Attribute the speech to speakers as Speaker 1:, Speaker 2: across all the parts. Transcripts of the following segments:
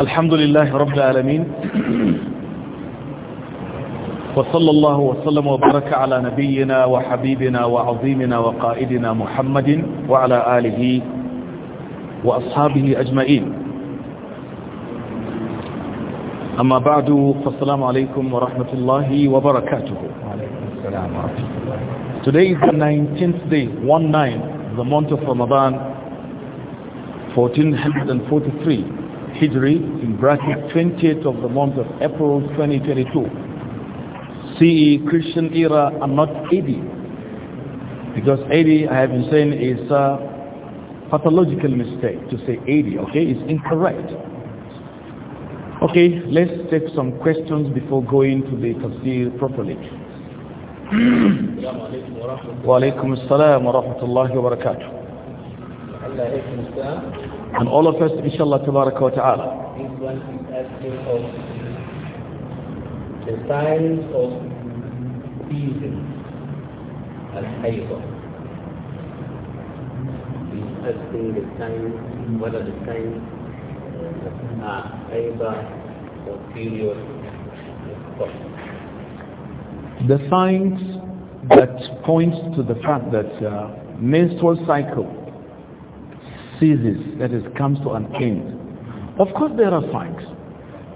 Speaker 1: الحمد لله رب العالمين وصلى الله وسلم وبارك على نبينا وحبيبنا وعظيمنا وقائدنا محمد وعلى آله وأصحابه أجمعين أما بعد فالسلام عليكم ورحمة الله وبركاته Today is the 19th day, 1-9, the month of Ramadan, 1443 Hijri, in bracket 28th of the month of April 2022. CE Christian era and not AD. Because AD, I have been saying, is a pathological mistake to say AD, okay? It's incorrect. Okay, let's take some questions before going to the tafsir properly.
Speaker 2: Wa alaikum assalam wa
Speaker 1: rahmatullahi wa barakatuh.
Speaker 2: And all of us, inshallah, tabaraka wa ta'ala.
Speaker 1: the signs of season and hayba. He's asking
Speaker 2: the signs, what are the signs ah, or period
Speaker 1: The signs that points to the fact that uh, menstrual cycle ceases, that is, comes to an end. Of course there are signs,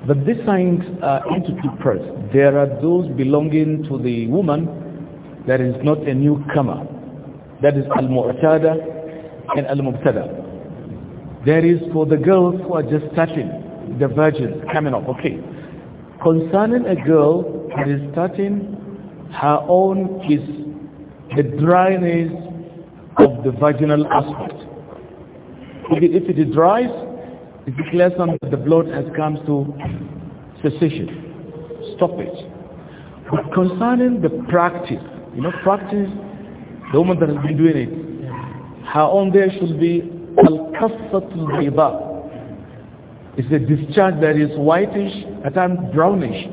Speaker 1: but these signs are into two parts. There are those belonging to the woman that is not a newcomer. That is al-mu'tada and al-mubtada. There is for the girls who are just starting, the virgins coming up, okay. Concerning a girl that is starting, her own is the dryness of the vaginal aspect. If it, if it dries, it declares that the blood has come to cessation. Stop it. But concerning the practice, you know, practice, the woman that has been doing it, her own there should be al-kassatul bayda. It's a discharge that is whitish, at times brownish.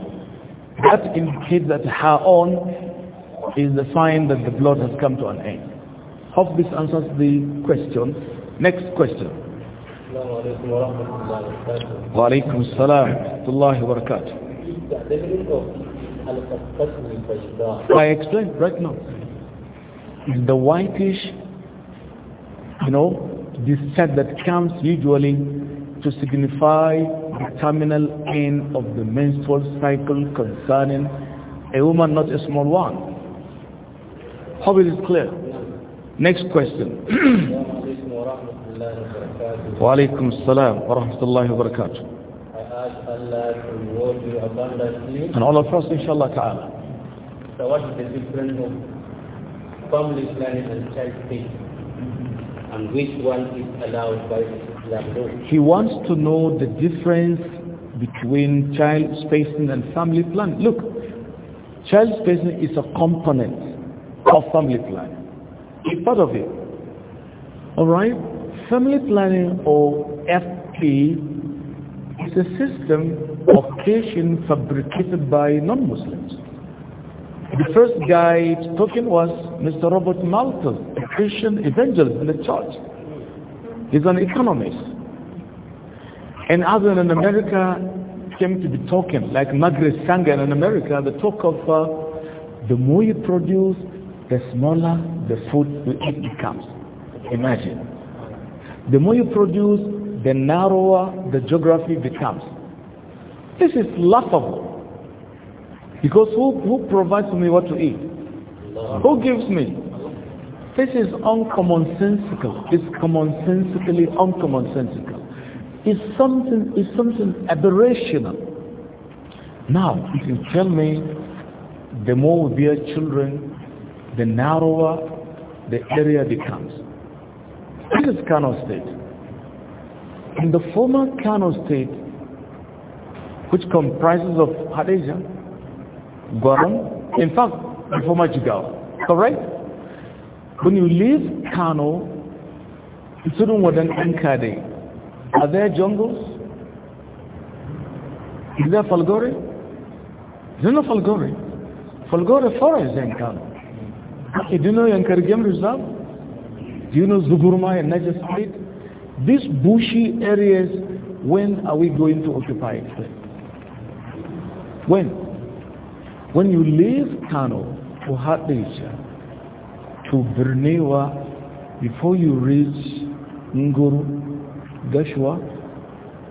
Speaker 1: That indicates that her own is the sign that the blood has come to an end. Hope this answers the question. Next question. Wa alaykum salam wa wa I explain right now. The whitish, you know, this set that comes usually to signify the terminal end of the menstrual cycle concerning a woman, not a small one. Hope it is clear. Next question.
Speaker 2: الله وعليكم السلام
Speaker 1: ورحمة الله وبركاته and all of us inshallah ta'ala So what is the difference of family planning and child faith and which one is allowed by Islam He wants to know the difference between child spacing and family planning. Look, child spacing is a component of family planning. It's part of it. All right? Family planning or FP is a system of creation fabricated by non-Muslims. The first guy talking was Mr. Robert Malthus, a Christian evangelist in the church. He's an economist. And other in America came to be talking, like Margaret Sanger in America, the talk of uh, the more you produce, the smaller the food you eat becomes. Imagine. The more you produce, the narrower the geography becomes. This is laughable. Because who, who provides me what to eat? Who gives me? This is uncommonsensical. It's commonsensically uncommonsensical. It's something, it's something aberrational. Now, you can tell me the more we bear children, the narrower the area becomes. This is Kano State. In the former Kano State, which comprises of Hadeja, Gwaram, in fact, the former Jigawa, correct? When you leave Kano, Tsudun Wadan Nkade, are there jungles? Is there Falgore? there no Falgore. Falgore forest in Kano. You do know Yankari Game Reserve? Do you know Zuburma and Najaf These bushy areas, when are we going to occupy it? When? When you leave Kano to Hatlisha, to Birnewa, before you reach Nguru, Gashwa,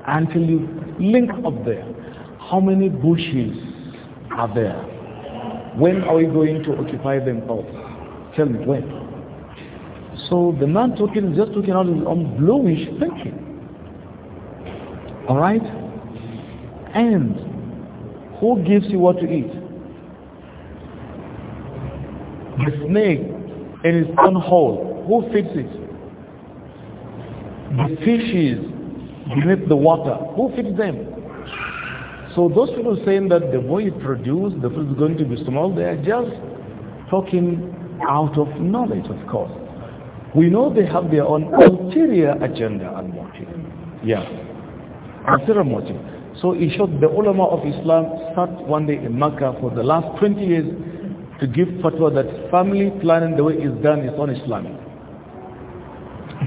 Speaker 1: until you link up there, how many bushes are there? When are we going to occupy them all? Tell me when. So the man talking is just talking out his own bluish thinking. Alright? And who gives you what to eat? The snake in its own hole. Who feeds it? The fishes beneath the water. Who feeds them? So those people saying that the more you produce, the food is going to be small, they are just talking out of knowledge, of course. We know they have their own ulterior agenda and motive. Yeah. Ulterior motive. So in short, the ulama of Islam sat one day in Mecca for the last 20 years to give fatwa that family planning the way it's done is on islamic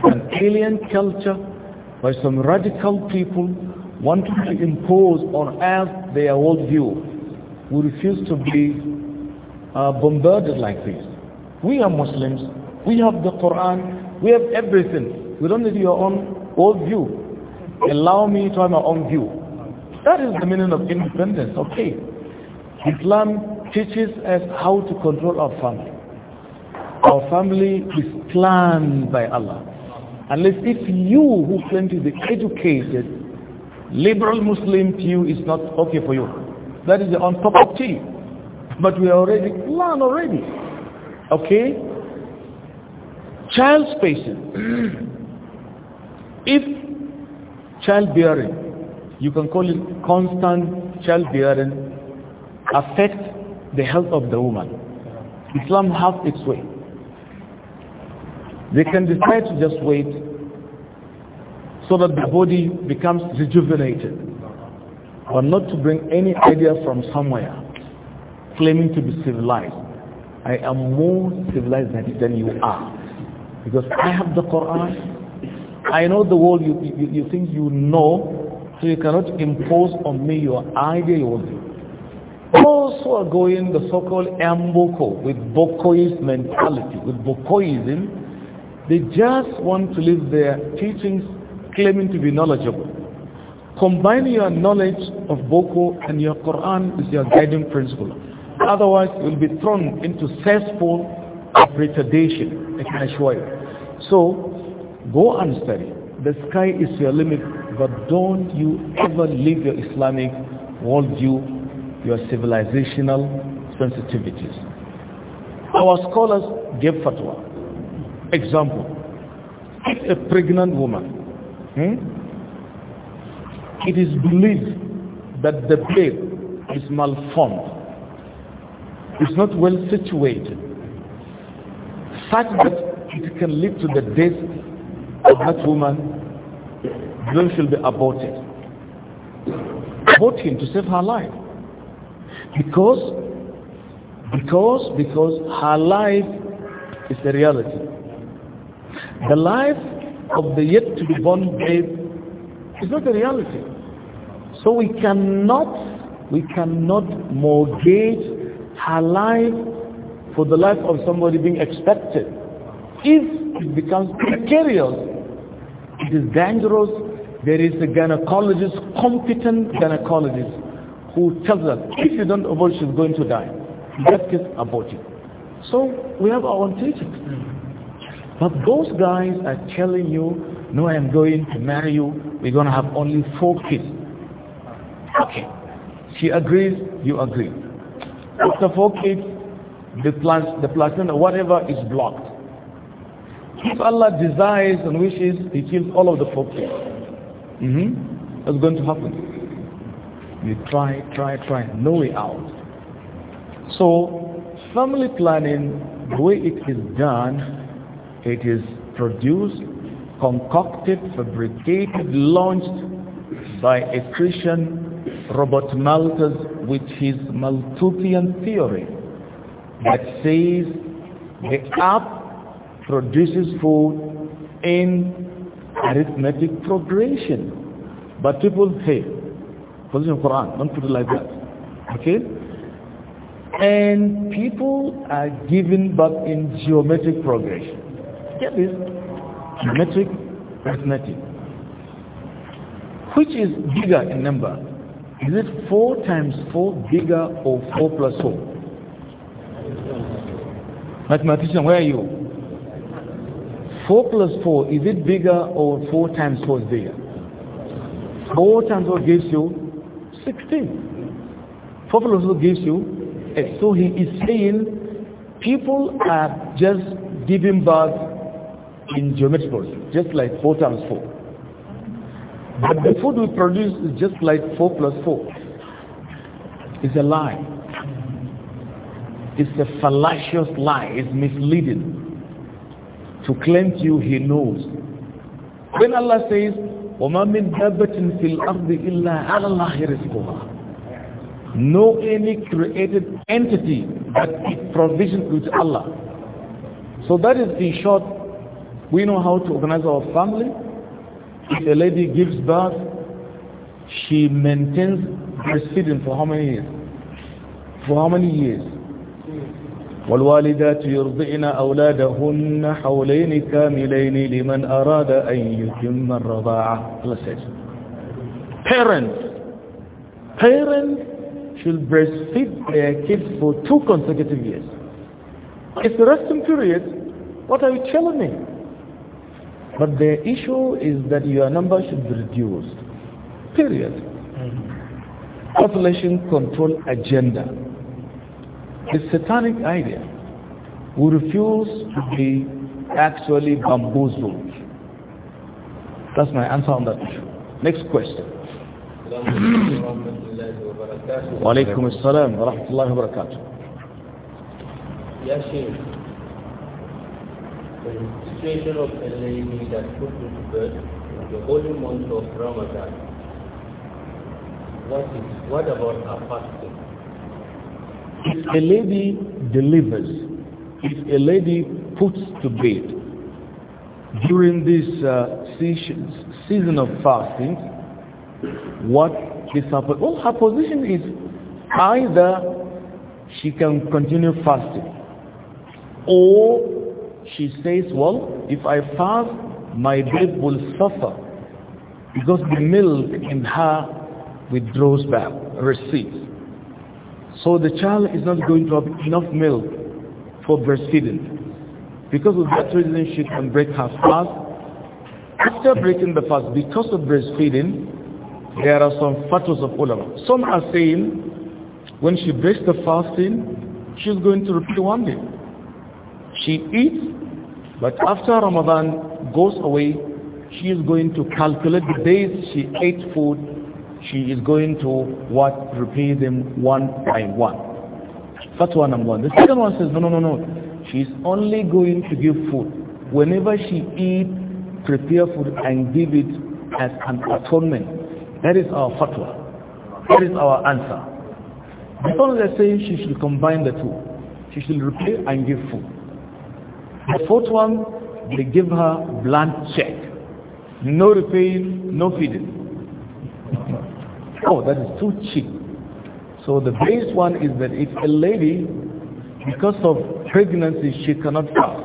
Speaker 1: An alien culture by some radical people wanting to impose on us their worldview. We refuse to be uh, bombarded like this. We are Muslims, we have the Quran, we have everything. We don't need your own old view. Allow me to have my own view. That is the meaning of independence, okay. Islam teaches us how to control our family. Our family is planned by Allah. Unless if you who claim to be educated, liberal Muslim view is not okay for you. That is on top of tea. But we already planned already. Okay? spacing. if childbearing, you can call it constant childbearing, affects the health of the woman. Islam has its way. They can decide to just wait so that the body becomes rejuvenated or not to bring any idea from somewhere claiming to be civilized. I am more civilized than you are. Because I have the Quran. I know the world you, you, you think you know, so you cannot impose on me your idea, your view. are going the so-called Mboko with Bokoist mentality, with Bokoism, they just want to live their teachings claiming to be knowledgeable. Combine your knowledge of Boko and your Quran is your guiding principle. Otherwise, you'll be thrown into cesspool of retardation so go and study the sky is your limit but don't you ever leave your islamic worldview your civilizational sensitivities our scholars gave fatwa example a pregnant woman hmm? it is believed that the babe is malformed it's not well situated that it can lead to the death of that woman, then she'll be aborted. Abort him to save her life. Because, because, because her life is the reality. The life of the yet to be born babe is not the reality. So we cannot, we cannot mortgage her life for the life of somebody being expected. If it becomes precarious, it is dangerous. There is a gynecologist, competent gynecologist, who tells us if you don't abort, she's going to die. In that case, abort it. So we have our own teachings. But those guys are telling you, no, I'm going to marry you. We're going to have only four kids. Okay. She agrees, you agree. After four kids, the, plas- the placenta, whatever is blocked. If Allah desires and wishes, He kills all of the forktail. Mm-hmm. That's going to happen. You try, try, try, no way out. So, family planning, the way it is done, it is produced, concocted, fabricated, launched by a Christian, Robert Malthus, with his Malthusian theory that says the app produces food in arithmetic progression. But people, hey, position Quran, don't put it like that. Okay? And people are given back in geometric progression. Get this? Geometric arithmetic. Which is bigger in number? Is it 4 times 4 bigger or 4 plus 4? Mathematician, where are you? 4 plus 4, is it bigger or 4 times 4 is bigger? 4 times 4 gives you 16. 4 plus 4 gives you 8. So he is saying people are just giving birth in geometric process, just like 4 times 4. But the food we produce is just like 4 plus 4. It's a lie. It's a fallacious lie. It's misleading to claim to you he knows. When Allah says, وَمَا مِنْ دَابَةٍ فِي الْأَرْضِ إِلَّا عَلَى اللَّهِ رِزْقُهَا No any created entity that is provisioned with Allah. So that is in short, we know how to organize our family. If a lady gives birth, she maintains breastfeeding for how many years? For how many years? والوالدات يرضعن أولادهن حولين كاملين لمن أراد أن يتم الرضاعة Allah says parents parents should breastfeed their kids for two consecutive years it's the resting period what are you telling me but the issue is that your number should be reduced period
Speaker 2: mm-hmm.
Speaker 1: population control agenda It's satanic idea. We refuse to be actually bamboozled. That's my answer on that issue. Next question. وعليكم السلام ورحمة الله وبركاته يا شيخ
Speaker 2: the situation of a that put to birth the holy month of Ramadan what is what about her fasting
Speaker 1: if a lady delivers, if a lady puts to bed during this uh, season of fasting, what is her position? Well, her position is either she can continue fasting or she says, well, if I fast, my babe will suffer because the milk in her withdraws back, recedes. So the child is not going to have enough milk for breastfeeding. Because of that reason, she can break her fast. After breaking the fast, because of breastfeeding, there are some fatwas of ulama. Some are saying when she breaks the fasting, she's going to repeat one day. She eats, but after Ramadan goes away, she is going to calculate the days she ate food she is going to what repay them one by one. That's one number one. The second one says, no, no, no, no. She's only going to give food. Whenever she eat, prepare food and give it as an atonement. That is our fatwa. That is our answer. The one is saying she should combine the two. She should repay and give food. The fourth one, they give her blank check. No repaying, no feeding. Oh, that is too cheap. So the base one is that if a lady, because of pregnancy, she cannot fast.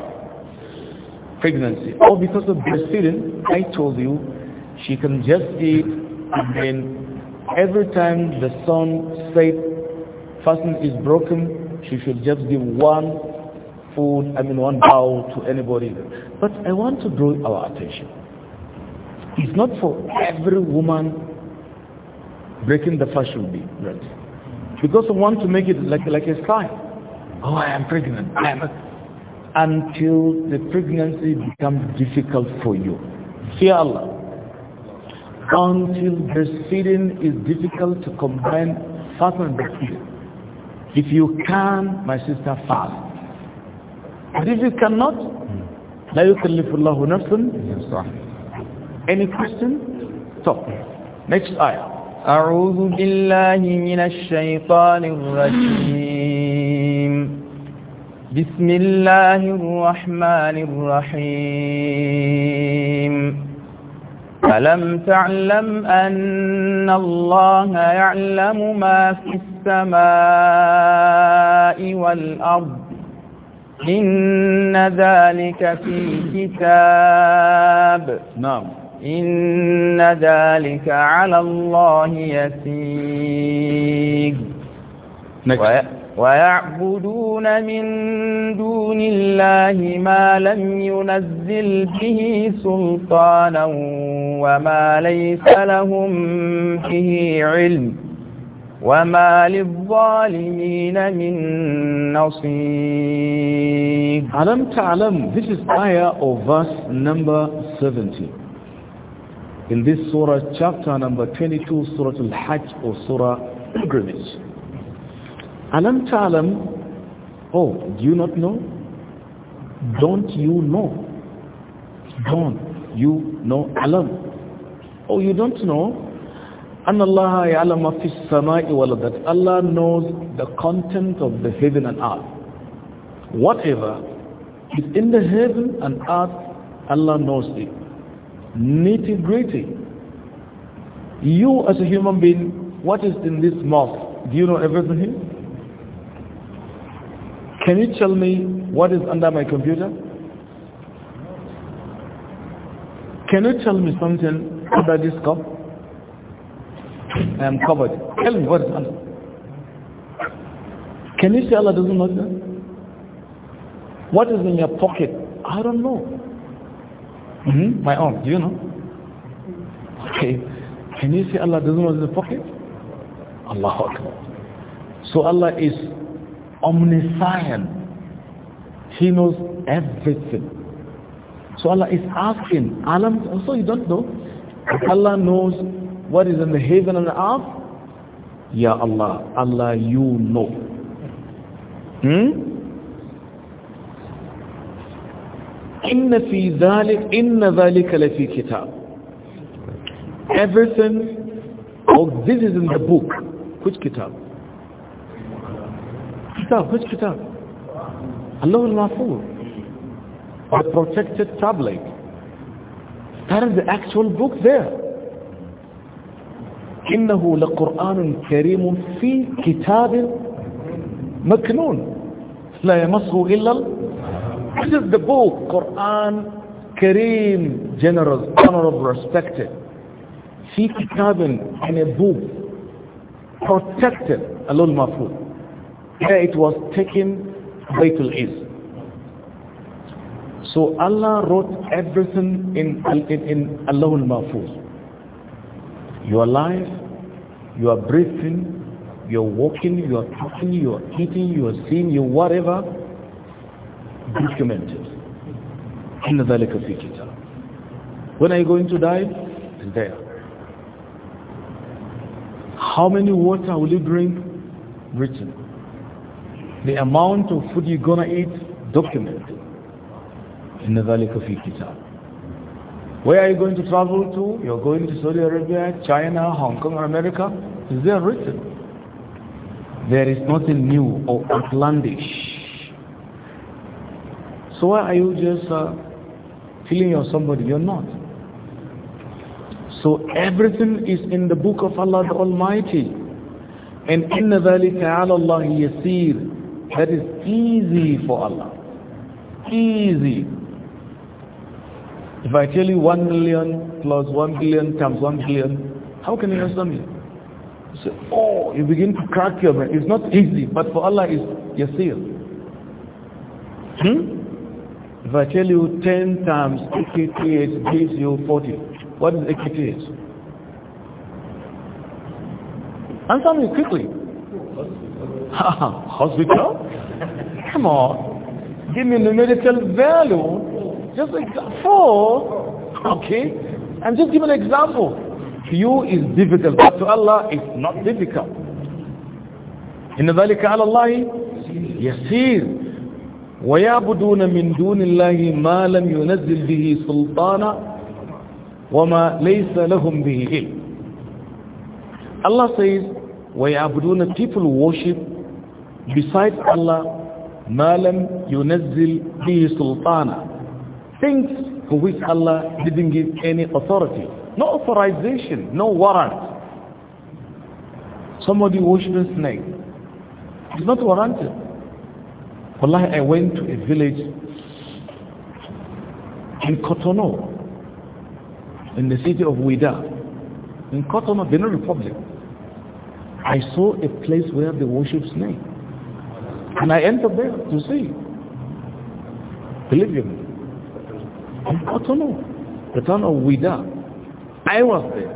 Speaker 1: Pregnancy. Or because of breastfeeding, I told you, she can just eat and then every time the sun sets, fasting is broken, she should just give one food, I mean one bowl to anybody. But I want to draw our attention. It's not for every woman breaking the fast should be right Because I want to make it like, like a sign. Oh, I am pregnant. I am until the pregnancy becomes difficult for you. Fear Allah. Until breastfeeding is difficult to combine fast and breastfeeding. If you can, my sister, fast. But if you cannot, لا يكلف الله نفسا Any question?
Speaker 3: So, next ayah. أعوذ بالله من الشيطان الرجيم بسم الله الرحمن الرحيم ألم تعلم أن الله يعلم ما في السماء والأرض إن ذلك في كتاب نعم إن ذلك على الله يسير ويعبدون من دون الله ما لم ينزل به سلطانا وما ليس لهم به علم وما للظالمين من نصير ألم تعلم this is ayah آية of verse number 70.
Speaker 1: in this surah, chapter number 22, Surah Al-Hajj or Surah Pilgrimage. Alam ta'alam, oh, do you not know? Don't you know? Don't you know alam? Oh, you don't know? أن الله يعلم fi في s-samā’i والأرض that Allah knows the content of the heaven and earth whatever is in the heaven and earth Allah knows it nitty gritty. You as a human being, what is in this mosque? Do you know everything? Can you tell me what is under my computer? Can you tell me something under this cup? I am covered. Tell me what is under. Can you say Allah doesn't know that? What is in your pocket? I don't know. Mm -hmm, my own, do you know? Okay. Can you see Allah doesn't want the pocket? Allah Akbar. So Allah is omniscient. He knows everything. So Allah is asking, Alam, So you don't know. Allah knows what is in the heaven and the earth. Ya Allah, Allah, you know. Hmm? إن في ذلك إن ذلك لفي كتاب everything oh this is in the book which كتاب كتاب which كتاب الله al-Mahfuz the protected tablet that is the actual book there إنه لقرآن كريم في كتاب مكنون لا يمسه إلا This is the book, Quran, Kareem, generous, honorable, respected. He cabin in a book, protected, Alul Mafud. where it was taken, Baitul Is. So Allah wrote everything in, in, in You are Your life, your breathing, your walking, your talking, your eating, your seeing, your whatever, documented. In ذَلِكَ فِي كِتَابٍ When are you going to die? It's there. How many water will you drink? Written. The amount of food you're going to eat? Documented. In ذَلِكَ فِي كِتَابٍ where are you going to travel to? You're going to Saudi Arabia, China, Hong Kong, or America? Is there written? There is nothing new or outlandish. So why are you just uh, feeling you're somebody? You're not. So everything is in the book of Allah the Almighty. And إِنَّ ذَلِكَ عَلَى اللَّهِ يَسِيرٌ That is easy for Allah. Easy. If I tell you 1 million plus 1 billion times 1 billion, how can you answer me? You say, oh, you begin to crack your brain. It's not easy, but for Allah it's yasir. Hmm? If I tell you 10 times AKTH gives you 40, what is AKTH? Answer me quickly.
Speaker 2: Hospital?
Speaker 1: Come on. Give me numerical value. Just like four. Okay. And just give an example. To you is difficult, but to Allah it's not difficult. إن ذلك على الله يسير ويعبدون من دون الله ما لم ينزل به سلطانا وما ليس لهم به علم Allah says ويعبدون people worship besides Allah ما لم ينزل به سلطانا things for which Allah didn't give any authority no authorization no warrant somebody worships a snake it's not warranted Wallahi, I went to a village in Kotono, in the city of Ouida, in Kotono, Benin Republic. I saw a place where they worship snake. And I entered there to see. Believe me. In Kotono, the town of Ouida. I was there.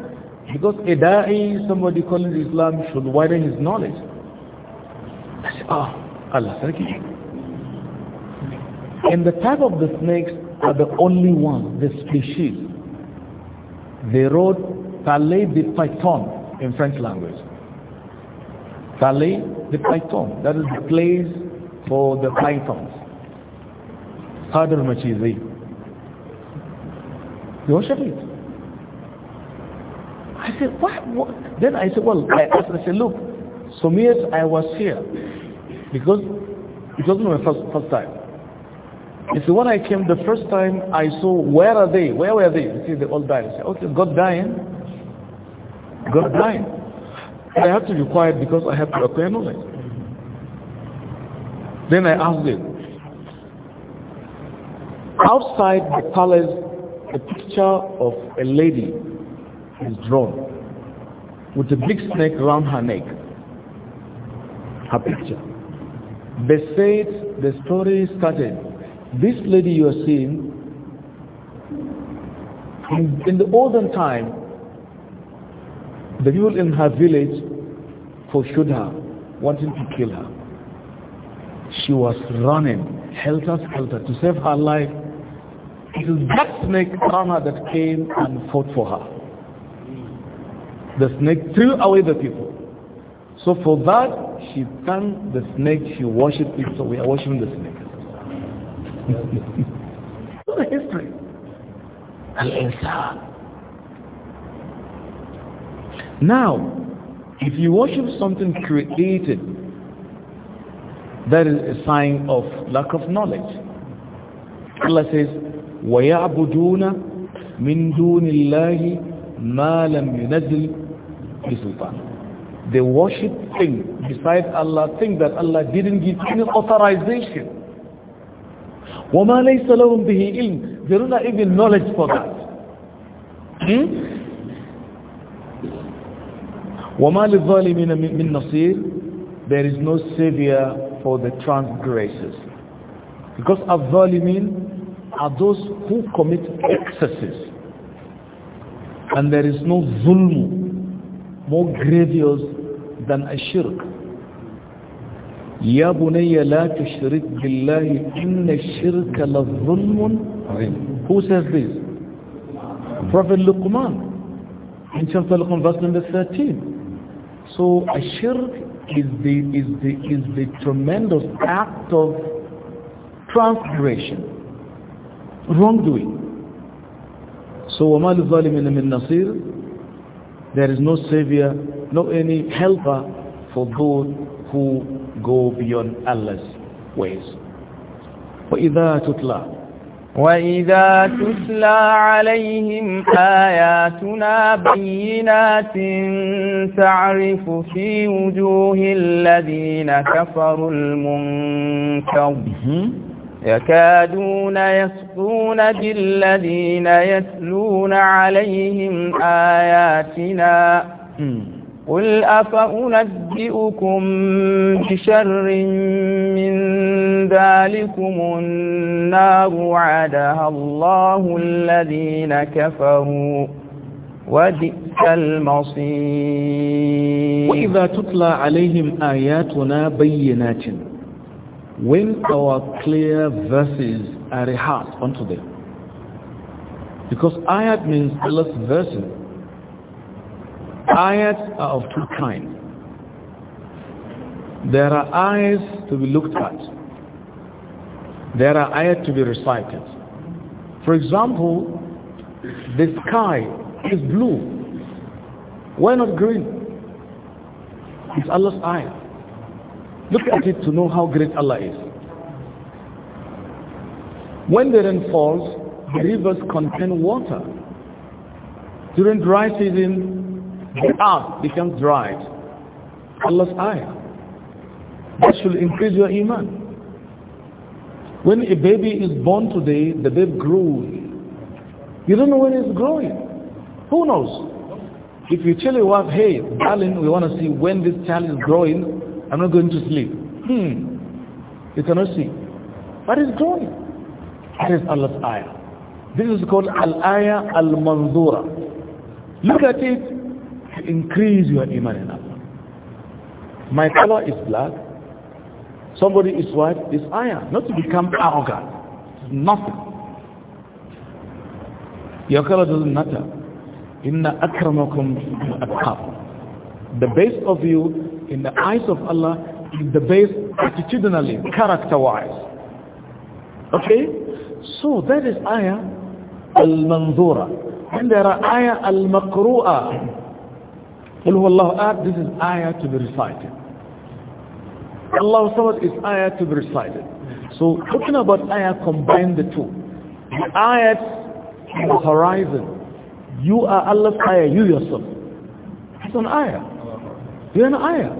Speaker 1: Because a da'i, somebody calling Islam, should widen his knowledge. I said, oh, Allah, thank you. And the type of the snakes are the only one, the species. They wrote Palais de Python in French language. Palais de Python, that is the place for the pythons. Hadr Machizi. They worship it. I said, what? what? Then I said, well, I, asked, I said, look, some years I was here because it wasn't my first, first time. You see, when I came the first time, I saw, where are they? Where were they? You see, they all died. I said, okay, God dying. God dying. I have to be quiet because I have to acquire knowledge. Then I asked them. outside the palace, a picture of a lady is drawn with a big snake around her neck. Her picture. They said the story started this lady you are seeing, in, in the olden time, the people in her village pursued her, wanting to kill her. She was running, helter-skelter, to save her life. It is that snake karma that came and fought for her. The snake threw away the people. So for that, she thanked the snake, she worshipped it, so we are worshiping the snake. Look history.
Speaker 2: Al-Insan.
Speaker 1: Now, if you worship something created, that is a sign of lack of knowledge. Allah says, وَيَعْبُدُونَ مِن دُونِ اللَّهِ مَا لَمْ يُنَزِّلْ بِسُلْطَانِ They worship things besides Allah, things that Allah didn't give any authorization وما ليس لهم به علم there is even knowledge for that hmm? وما للظالمين من نصير there is no savior for the transgressors because الظالمين are those who commit excesses and there is no zulm more grievous than a shirk يا بني لا تشرك بالله إن الشرك لظلم عظيم Who says this? Prophet Luqman in chapter Luqman verse number 13 So a shirk is the, is the, is the tremendous act of transgression wrongdoing So وَمَا لِظَالِمِنَ مِنْ نَصِيرٍ There is no savior, no any helper for those
Speaker 3: who go beyond Allah's ways وإذا تتلى وإذا تتلى عليهم آياتنا بينات تعرف في وجوه الذين كفروا المنكر يكادون يسقون بالذين يتلون عليهم آياتنا قل أفأنبئكم بشر من ذلكم النار وعدها الله الذين كفروا وبئس المصير وإذا
Speaker 1: تطلى عليهم آياتنا بينات when our clear verses are rehearsed unto them because ayat means Allah's verses Ayat are of two kinds. There are ayahs to be looked at. There are ayahs to be recited. For example, the sky is blue. Why not green? It's Allah's eye. Look at it to know how great Allah is. When the rain falls, the rivers contain water. During dry season, the earth becomes dry. Allah's ayah. That should increase your iman. When a baby is born today, the baby grows. You don't know when it's growing. Who knows? If you tell your wife, hey, darling, we want to see when this child is growing, I'm not going to sleep. Hmm. You cannot see. But it's growing. That is Allah's ayah. This is called Al-Ayah Al-Manzura. Look at it to increase your iman and Allah. My color is black. Somebody is white, is iron. Not to become arrogant. It's nothing. Your color doesn't matter. Inna akramakum atqakum. The base of you in the eyes of Allah is the base attitudinally, character-wise. Okay? So that is ayah al-manzura. And there are ayah al-makru'ah. قل هو الله this is ayah to be recited Allah Samad is ayah to be recited so talking about ayah combine the two the ayat the horizon you are Allah's ayah you yourself it's an ayah you're an ayah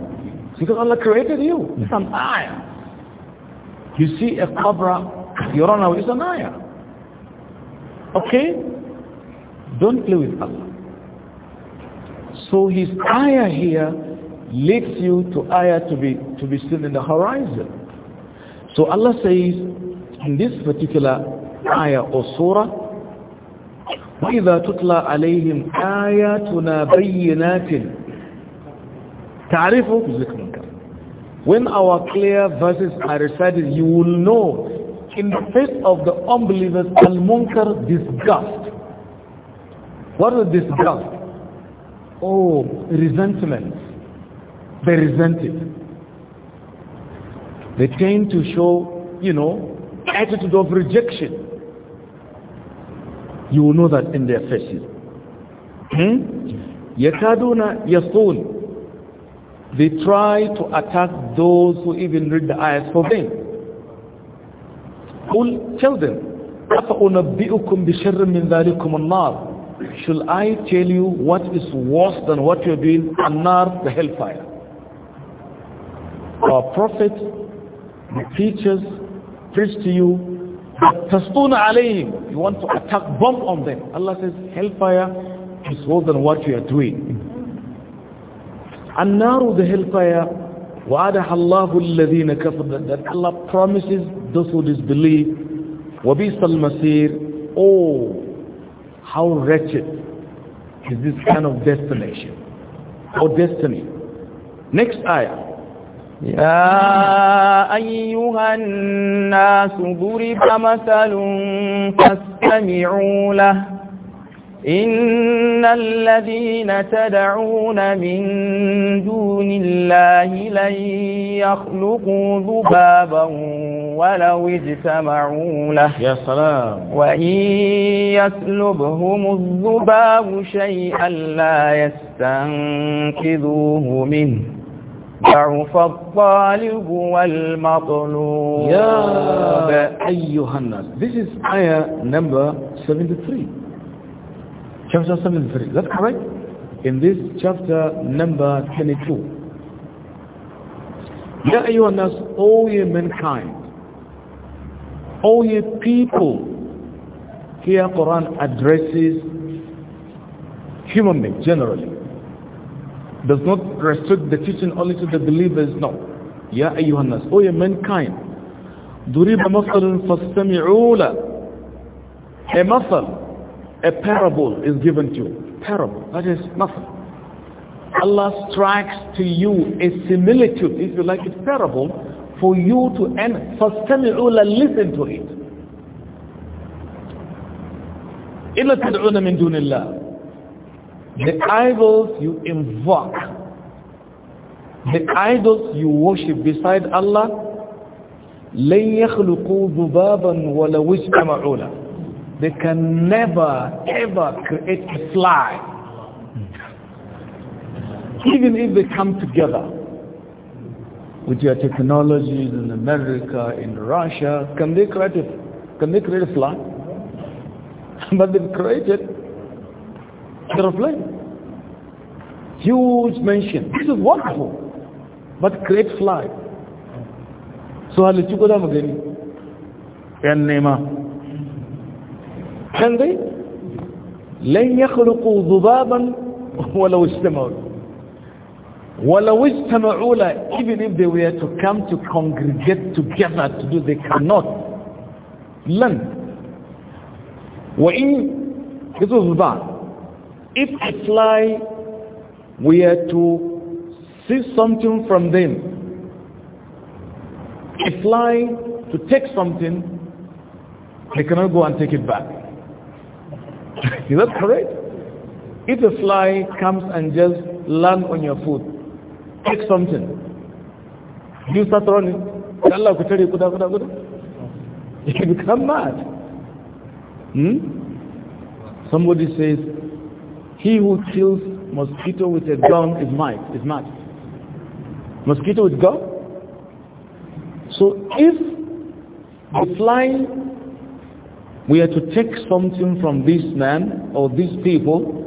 Speaker 1: because Allah created you it's an ayah you see a cobra you on away it's an ayah okay don't play with Allah so his ayah here leads you to ayah to be, to be seen in the horizon. So Allah says in this particular ayah or surah,
Speaker 2: وإذا تتلى
Speaker 1: عليهم آياتنا بينات تعرف ذكر when our clear verses are recited you will know in the face of the unbelievers al-munkar disgust what is disgust Oh, resentment. They resent it. They tend to show, you know, attitude of rejection. You will know that in their faces. Hmm? Yakaduna yasun. They try to attack those who even read the ayahs for them. tell them, أَفَأُنَبِّئُكُمْ بِشَرٍ مِّن ذَلِكُمُ النَّارِ should I tell you what is worse than what you're doing? Anar, the hellfire. Our prophet, the teachers, preach to you, Tastuna alayhim. You want to attack, bomb on them. Allah says, hellfire is worse than what you are doing. Anar, the hellfire, وَعَدَحَ اللَّهُ الَّذِينَ كَفَرُوا That Allah promises those who disbelieve. وَبِيسَ الْمَسِيرُ Oh, how wretched is this kind of destination or destiny next ayah
Speaker 3: يا أيها الناس ضرب مثل فاستمعوا له إن الذين تدعون من دون الله لن يخلقوا ذبابا ولو اجتمعوا له يا سلام وإن يسلبهم الذباب شيئا لا يستنقذوه منه ضعف الطالب والمطلوب يا أيها الناس
Speaker 1: This is ayah آية number 73 chapter 73 Is that correct? In this chapter number 22 يا أيها الناس all your mankind O ye people, here Quran addresses human beings generally. Does not restrict the teaching only to the believers, no. Ya ayyuhan O ye mankind, ضرب مثل فاستمعوا a metaphor, a parable is given to you. Parable, that is مثل. Allah strikes to you a similitude, if you like it, parable, for you to and end فَاسْتَمِعُوا لَلِّسْتَنْ to it إِلَّا تَدْعُونَ مِن دُونِ اللَّهِ The idols you invoke The idols you worship beside Allah لن يخلقوا ذبابا ولو اجتمعوا له they can never ever create a fly even if they come together with your technologies in America, in Russia, can they create it? Can they create a flag? but they've a aeroplane. Huge mansion. This is wonderful. But create flag. So halittu ko da mu gani. Yan nema. Can they? لن يخلقوا ذبابا ولو اجتمعوا وَلَوْ اجْتَمَعُوا Even if they were to come to congregate together to do, they cannot learn. in This was bad. If a fly were to see something from them, a fly to take something, they cannot go and take it back. Is that correct? If a fly comes and just land on your foot, take something you start running Allah tell you, kuda kuda kuda you become mad hmm? somebody says he who kills mosquito with a gun is mad is mad mosquito with gun so if the flying we are to take something from this man or these people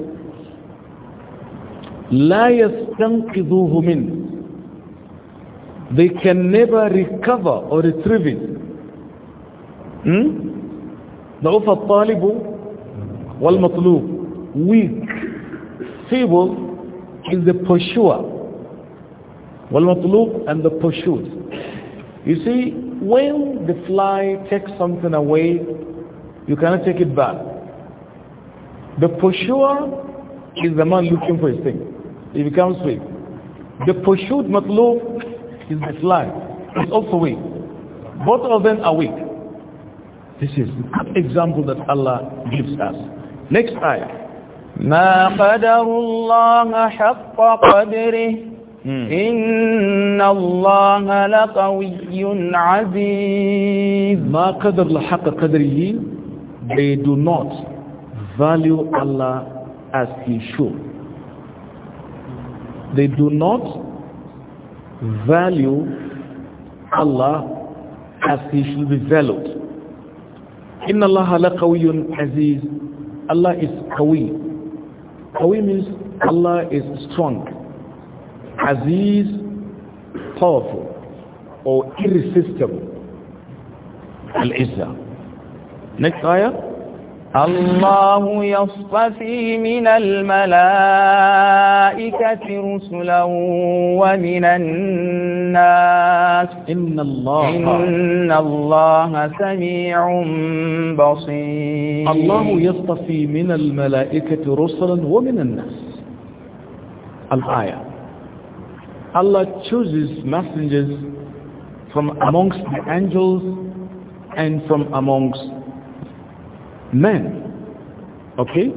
Speaker 1: لا يستنقذوه منه they can never recover or retrieve it hmm? ضعف الطالب والمطلوب weak feeble is the pursuer والمطلوب and the pursued you see when the fly takes something away you cannot take it back the pursuer is the man looking for his thing he becomes weak. The pursued matlub is the life. It's also weak. Both of them are weak. This is an example that Allah gives us. Next ayah.
Speaker 3: ما قدر الله حق قدره إن الله لقوي عزيز ما
Speaker 1: قدر الله حق قدره They do not value Allah as he should they do not value Allah as he should be valued Allah الله لقوي aziz Allah is قوي قوي means Allah is strong Aziz powerful
Speaker 3: or irresistible
Speaker 1: al Izza.
Speaker 3: next ayah الله يصطفي من الملائكة رسلا ومن الناس إن الله إن الله سميع بصير الله يصطفي من الملائكة رسلا ومن الناس
Speaker 1: الآية Allah chooses messengers from amongst the angels and from amongst men okay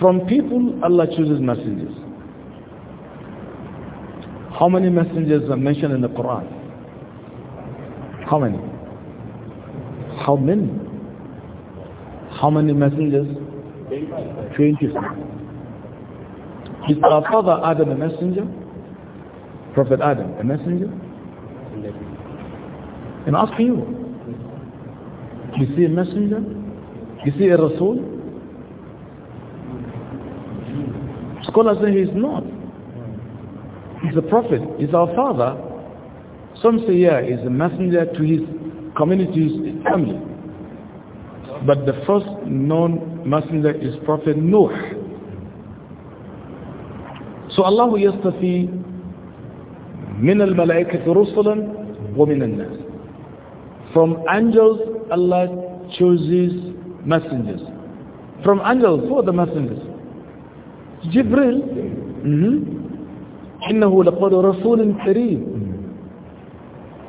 Speaker 1: from people Allah chooses messengers how many messengers are mentioned in the Quran how many how many how many messengers 25 is our father Adam a messenger Prophet Adam a messenger and ask you you see a messenger you see a Rasul? Scholars say he's not. He's a prophet. He's our father. Some say, yeah, he's a messenger to his community, his family. But the first known messenger is Prophet Noor. So Allah يستفي من الملائكة رسلا ومن الناس. From angels, Allah chooses messengers. From angels, who are the messengers? Jibril. إنه لقول رسول كريم.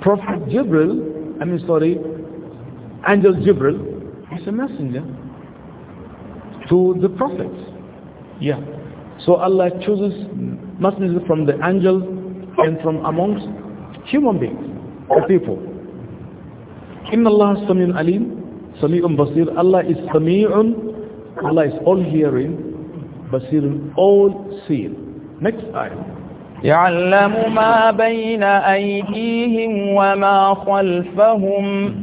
Speaker 1: Prophet Jibril, I mean sorry, angel Jibril is a messenger to the prophets. Yeah. So Allah chooses messengers from the angels and from amongst human beings, the people. إن الله سميع عليم سميع بصير الله is سميع الله is all hearing بصير all seeing next time
Speaker 3: يعلم ما بين أيديهم وما خلفهم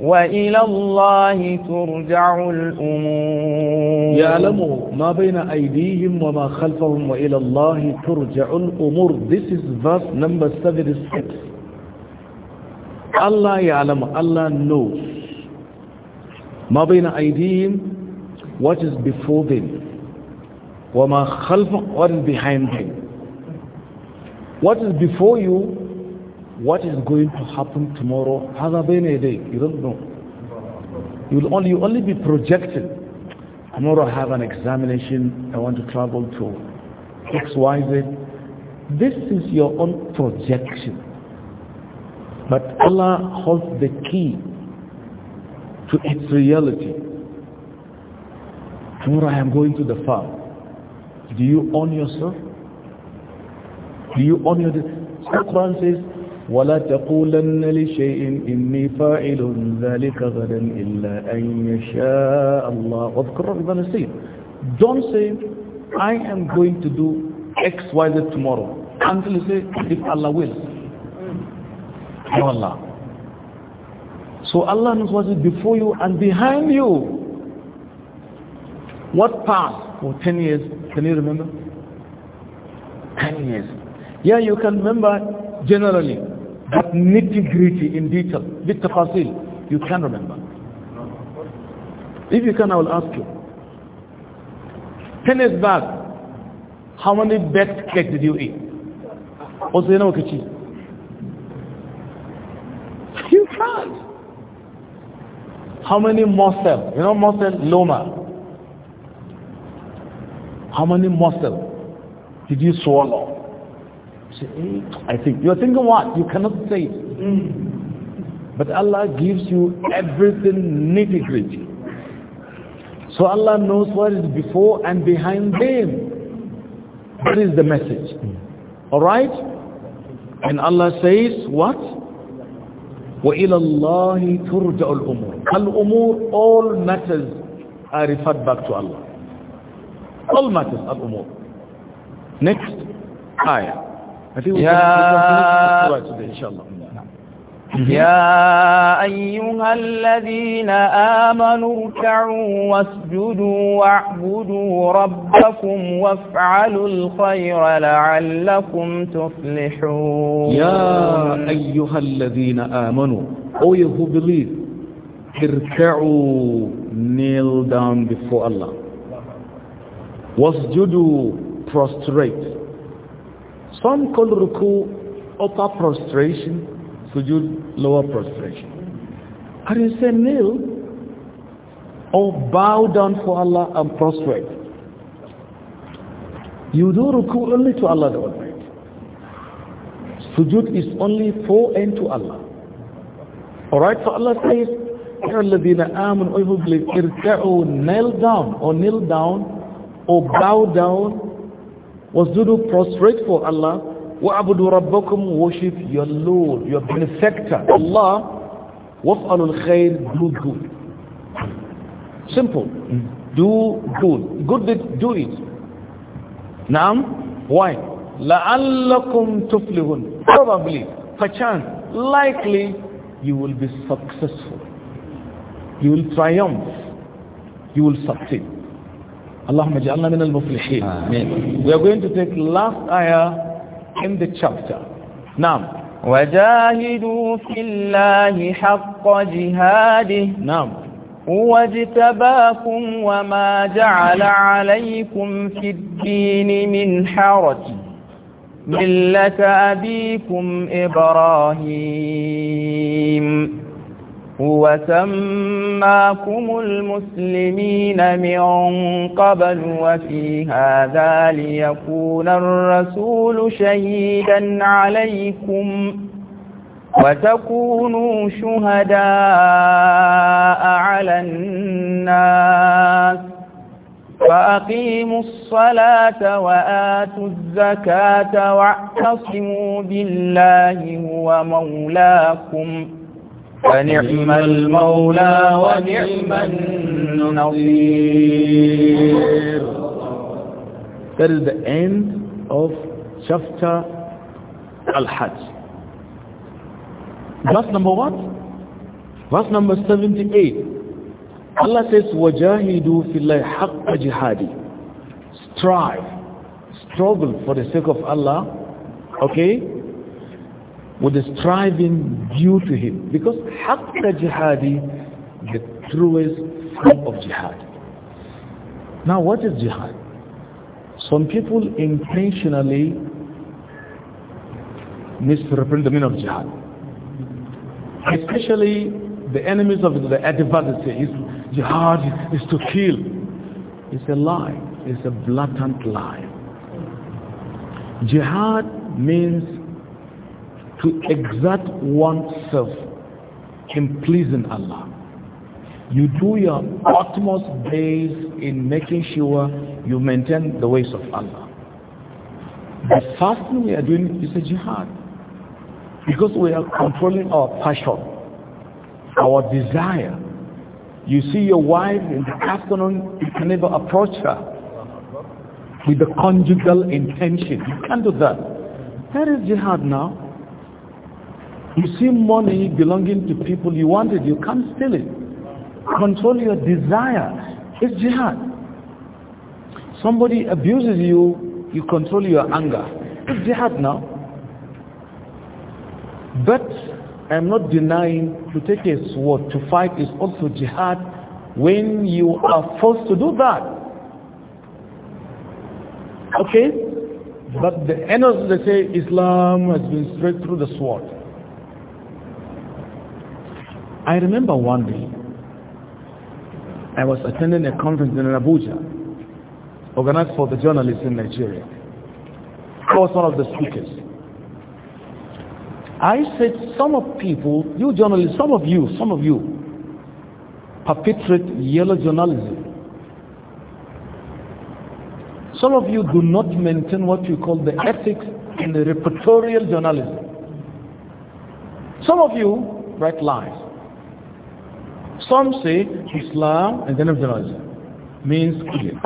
Speaker 3: وإلى الله ترجع الأمور يعلم ما بين أيديهم
Speaker 1: وما خلفهم وإلى الله ترجع الأمور this is verse number 76 الله يعلم الله knows ما بين what is before them what is behind them what is before you what is going to happen tomorrow هذا بين day, you don't know you will only, you only be projected tomorrow I have an examination I want to travel to XYZ this is your own projection but Allah holds the key to its reality. Tomorrow I am going to the farm. Do you own yourself? Do you own your... So Quran says, ولا تقولن لشيء إني فاعل ذلك غدا إلا أن يشاء الله واذكر ربنا السيد Don't say, I am going to do X, Y, Z tomorrow. Until you say, if Allah will. No Allah. So Allah knows what is before you and behind you. What passed for 10 years, can you remember? 10 years. Yeah, you can remember generally, but nitty-gritty in detail, with tafasil, you can remember. If you can, I will ask you. 10 years back, how many best cake did you eat? What's the name of You can't. How many muscle You know muscle Loma. How many muscle did you swallow? Say, I think. You're thinking what? You cannot say it. Mm. But Allah gives you everything nitty gritty. So Allah knows what is before and behind them. That is the message. Alright? And Allah says, what? وإلى الله ترجع الأمور الأمور all matters are referred back to Allah all matters are الأمور next آية يا
Speaker 3: يا أيها الذين آمنوا اركعوا واسجدوا واعبدوا ربكم وافعلوا الخير لعلكم تفلحون يا
Speaker 1: أيها الذين آمنوا O you who believe اركعوا kneel down before Allah واسجدوا prostrate Some call ركوع upper prostration Sujud, lower prostration. And you say kneel or oh, bow down for Allah and prostrate. You do ruku only to Allah the Almighty. Sujud is only for and to Allah. Alright, so Allah says, الَّذِينَ آمَنُوا kneel down or kneel down or bow down was do prostrate for Allah وَعَبُدُ رَبَّكُمْ Worship your Lord, your benefactor, Allah. وَفْعَلُ الْخَيْرِ Do good. Simple. Do good. Good did do it. Naam. Why? لَعَلَّكُمْ تُفْلِهُونَ Probably, perchance, likely, you will be successful. You will triumph. You will succeed. Allahumma ja'alna min al-muflihin.
Speaker 3: We are going to take last ayah in the chapter نعم وجاهدوا في الله حق جهاده نعم هو اجتباكم وما جعل عليكم في الدين من حرج ملة أبيكم إبراهيم هو سماكم المسلمين من قبل وفي هذا ليكون الرسول شهيدا عليكم وتكونوا شهداء على الناس فأقيموا الصلاة وآتوا الزكاة واعتصموا بالله هو مولاكم فنعم المولى ونعم النصير
Speaker 1: That is the end of chapter Al-Hajj. Verse number what? Verse number 78. Allah says, وَجَاهِدُوا فِي اللَّهِ حَقَّ جِهَادِ Strive, struggle for the sake of Allah, okay? with the striving due to him. Because haqqa jihadi, the truest form of jihad. Now what is jihad? Some people intentionally misrepresent the meaning of jihad. Especially the enemies of the adversary. jihad is to kill. It's a lie. It's a blatant lie. Jihad means to exert oneself in pleasing Allah. You do your utmost best in making sure you maintain the ways of Allah. The fasting we are doing is a jihad. Because we are controlling our passion, our desire. You see your wife in the afternoon, you can never approach her with the conjugal intention. You can't do that. That is jihad now. You see money belonging to people you wanted, you can't steal it. Control your desire. It's jihad. Somebody abuses you, you control your anger. It's jihad now. But I'm not denying to take a sword to fight is also jihad when you are forced to do that. Okay? But the enemies they say Islam has been spread through the sword. I remember one day, I was attending a conference in Abuja, organized for the journalists in Nigeria. I was one of the speakers. I said, some of people, you journalists, some of you, some of you, perpetrate yellow journalism. Some of you do not maintain what you call the ethics in the reportorial journalism. Some of you write lies. Some say Islam and then Abdullah means clear.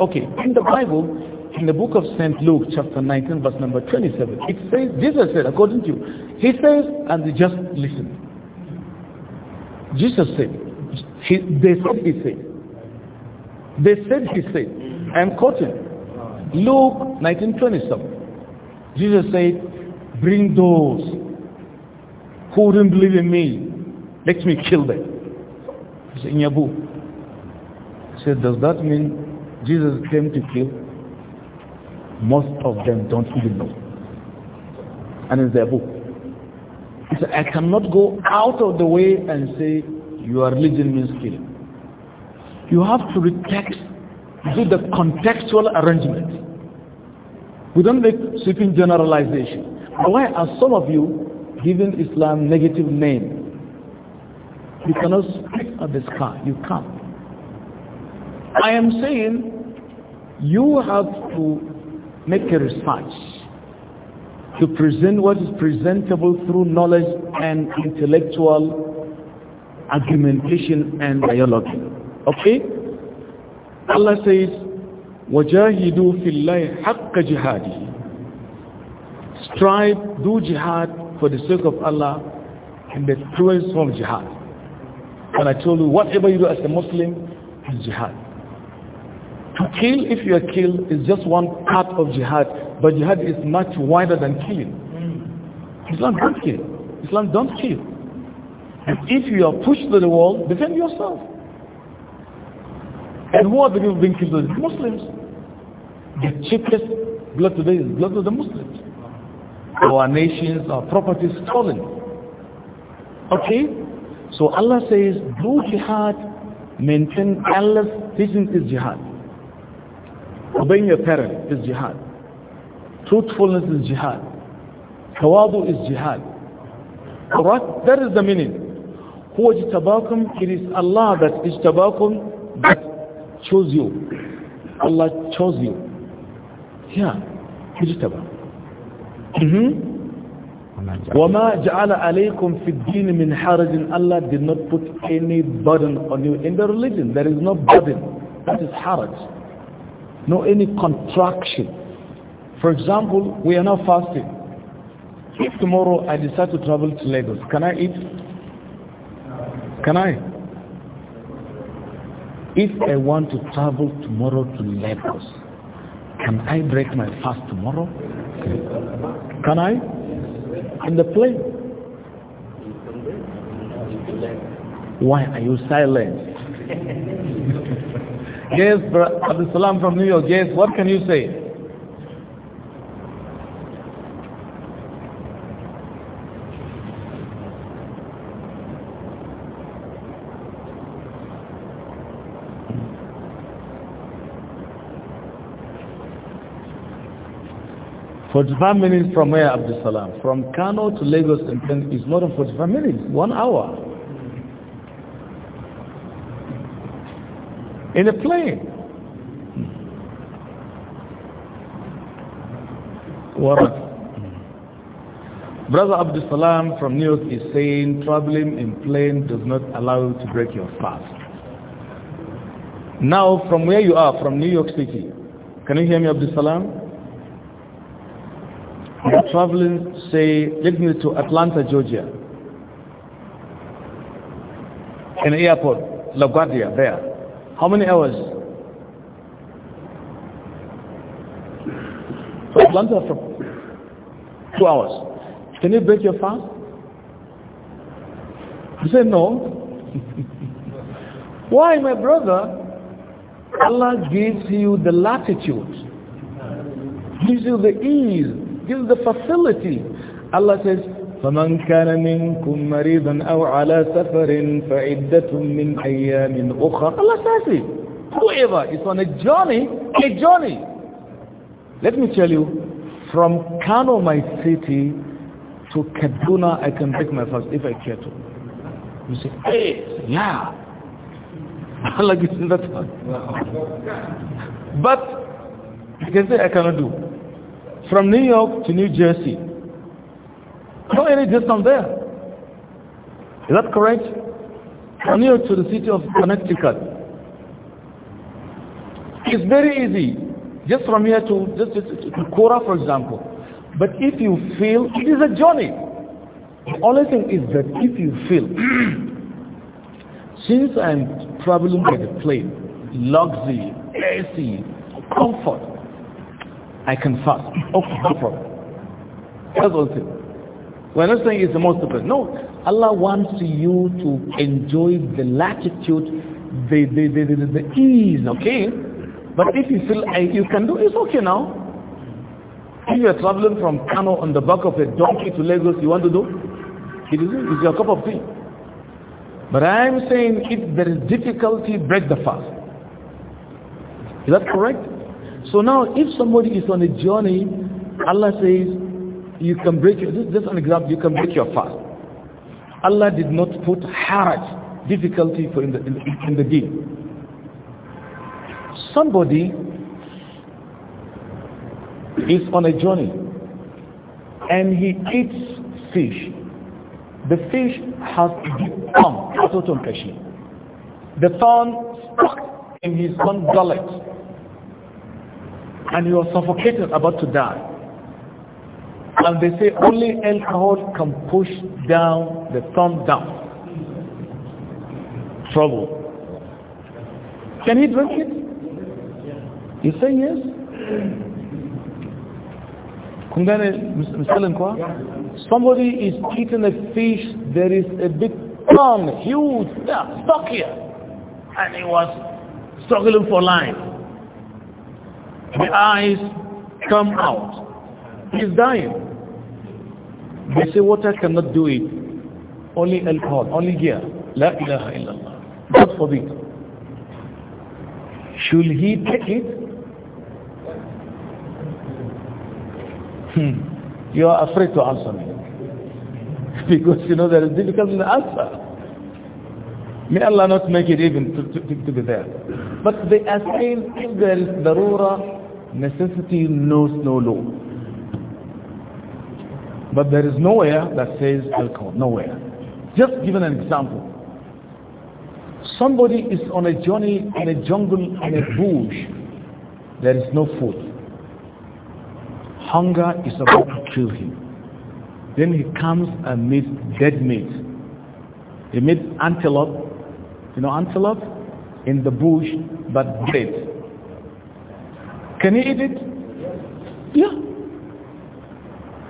Speaker 1: Okay, in the Bible, in the book of St. Luke, chapter 19, verse number 27, it says, Jesus said, according to you, he says, and they just listen. Jesus said, he, they said he said. They said he said. I'm quoting. Luke 19.27. Jesus said, bring those who do not believe in me let me kill them. He in your book. said, does that mean Jesus came to kill? Most of them don't even know. And it's their book. He said, I cannot go out of the way and say, your religion means killing. You have to retext, do the contextual arrangement. We don't make sweeping generalization. Why are some of you giving Islam negative name? You cannot speak of this car. You can't. I am saying you have to make a research to present what is presentable through knowledge and intellectual argumentation and dialogue. Okay? Allah says, وَجَاهِدُوا فِي اللَّهِ حَقَّ جِهَادِهِ Strive, do jihad for the sake of Allah and the truest form of jihad. And I told you, whatever you do as a Muslim is jihad. To kill, if you are killed, is just one part of jihad. But jihad is much wider than killing. Islam don't kill. Islam don't kill. And if you are pushed to the wall, defend yourself. And who are the people being killed? Muslims. The cheapest blood today is blood of the Muslims. Our nations, our property stolen. Okay? So Allah says, do jihad, maintain Allah's teaching is jihad. Obeying your parent is jihad. Truthfulness is jihad. Tawadu is jihad. Right? That is the meaning. Who is tabakum? It is Allah that is tabakum that chose you. Allah chose you. Yeah. Ijtaba. Mm-hmm wama jalla عَلَيْكُمْ fid-din min حَرَجٍ Allah did not put any burden on you in the religion. There is no burden. That is haraj. No any contraction. For example, we are now fasting. If tomorrow I decide to travel to Lagos, can I eat? Can I? If I want to travel tomorrow to Lagos, can I break my fast tomorrow? Can I? in the plane. Why are you silent? yes, Abdul Salam from New York. Yes, what can you say? 45 minutes from where, Abdul Salam? From Kano to Lagos in 10 is more than 45 minutes, one hour. In a plane. What? Brother Abdul Salam from New York is saying traveling in plane does not allow you to break your fast. Now, from where you are, from New York City, can you hear me, Abdul Salam? You're traveling, say, take me to Atlanta, Georgia. An airport, LaGuardia, there. How many hours? Atlanta for two hours. Can you break your fast? I say no. Why, my brother? Allah gives you the latitude. Gives you the ease gives the facility. Allah says, فمن كان منكم مريضا أو على سفر فعدة من أيام أخرى Allah says Whoever is on a journey, a journey. Let me tell you, from Kano, my city, to Kaduna, I can break my fast if I care to. You say, hey, yeah. Allah gives me that one. But you can say I cannot do from New York to New Jersey. Not any distance there. Is that correct? From New York to the city of Connecticut. It's very easy. Just from here to, just, to, to for example. But if you feel, it is a journey. The only thing is that if you feel, since I'm traveling by the plane, luxury, AC, comfort, I can fast. Okay, oh, no problem. That's all We're not saying it's the most important. No, Allah wants you to enjoy the latitude, the, the, the, the, the ease, okay? But if you feel like you can do it's okay now. If you are traveling from Kano on the back of a donkey to Lagos, you want to do? It is it's your cup of tea. But I am saying if there is difficulty, break the fast. Is that correct? So now if somebody is on a journey, Allah says, you can break your, just an example, you can break your fast. Allah did not put haraj, difficulty for in the, in, in the deen. Somebody is on a journey and he eats fish. The fish has become, the thorn stuck in his own gullet and you are suffocated about to die and they say only alcohol can push down the thumb down trouble can he drink it you say yes somebody is eating a fish there is a big thumb huge stuck here and he was struggling for life the eyes come out. He's dying. They say water cannot do it. Only alcohol, only gear. La ilaha illallah. God forbid. Should he take it? Hmm. You are afraid to answer me. because you know there is difficult in the answer. May Allah not make it even to, to, to be there. But they are saying if there is darura, necessity knows no law. But there is nowhere that says alcohol, nowhere. Just giving an example. Somebody is on a journey in a jungle, in a bush. There is no food. Hunger is about to kill him. Then he comes and meets dead meat. He meets antelope, you know antelope? In the bush, but dead Can he eat it? Yeah.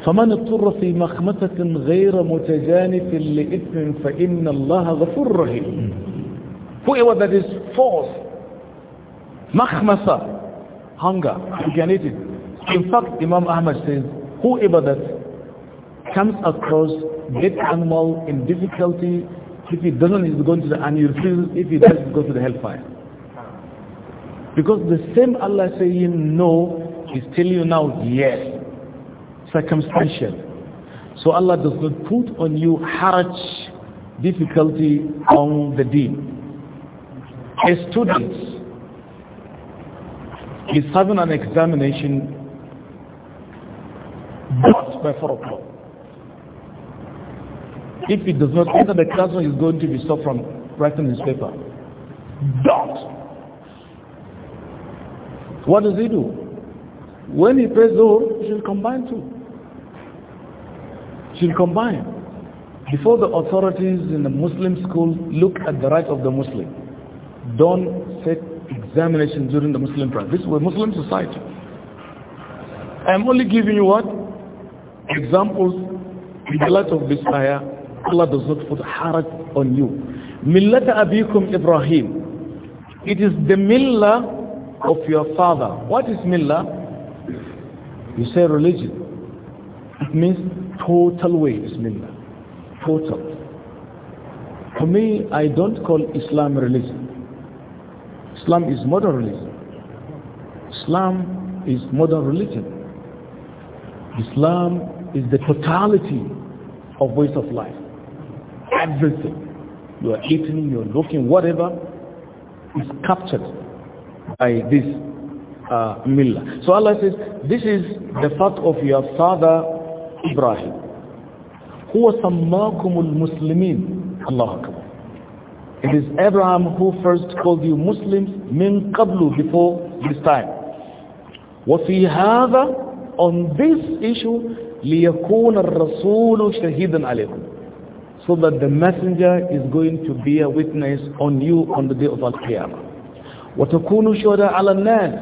Speaker 1: فمن اضطر في مخمسة غير متجانف لإثم فإن الله غفور رحيم whoever that is false مخمسة hunger you can eat it in fact Imam Ahmad says whoever that comes across dead animal in difficulty if he doesn't he's going to the and he refuses if he does go to the hellfire Because the same Allah saying no is telling you now yes. Circumstantial. So Allah does not put on you haraj, difficulty on the deen. A student is having an examination but by 4 o'clock. If he does not enter the classroom, he's going to be stopped from writing his paper. Don't. What does he do? When he prays Zuhr, she'll combine too. She'll combine. Before the authorities in the Muslim school look at the right of the Muslim, don't set examinations during the Muslim prayer. This is a Muslim society. I'm only giving you what? Examples in the light of this ayah. Allah does not put haraj on you. Millata abikum Ibrahim. It is the millah of your father. What is millah? You say religion. It means total way is millah. Total. For me, I don't call Islam religion. Islam is modern religion. Islam is modern religion. Islam is the totality of ways of life. Everything. You are eating, you are looking, whatever is captured by this uh, millah. So Allah says, this is the fact of your father Ibrahim. Who sammakumul muslimin. Allah Akbar. It is Abraham who first called you Muslims min qablu before this time. وفي هذا on this issue ليكون الرسول شهيدا عليكم so that the messenger is going to be a witness on you on the day of Al-Qiyamah وَتَكُونُوا شُهَدَاءَ عَلَى النَّاسِ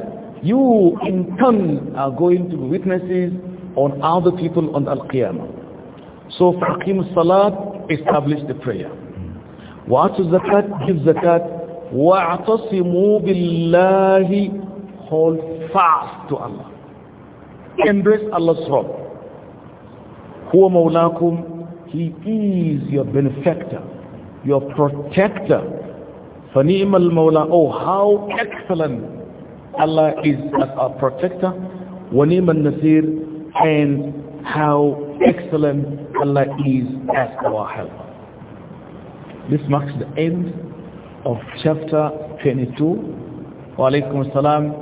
Speaker 1: You in turn are going to be witnesses on other people on Al-Qiyamah. So فَحْقِيمُ salat Establish the prayer. atu zakat Give zakat. Wa بِاللَّهِ Hold fast to Allah. Embrace Allah's robe. Huwa مولاكم He is your benefactor, your protector, فَنِئِمَ الْمَوْلَى Oh, how excellent Allah is as our protector. وَنِئِمَ النَّسِيرُ And how excellent Allah is as our help. This marks the end of chapter 22. Wa alaikum salam.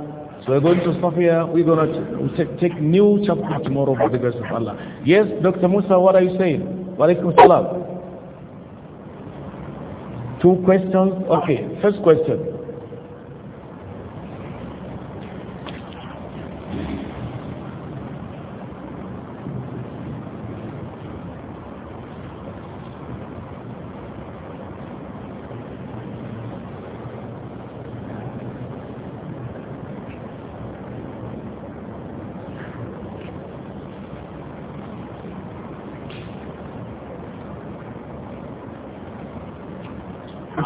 Speaker 1: So we're going to stop here. We're going to take, take new chapter tomorrow by the grace of Allah. Yes, Dr. Musa, what are you saying? Wa alaikum salam. Two questions? Okay, first question.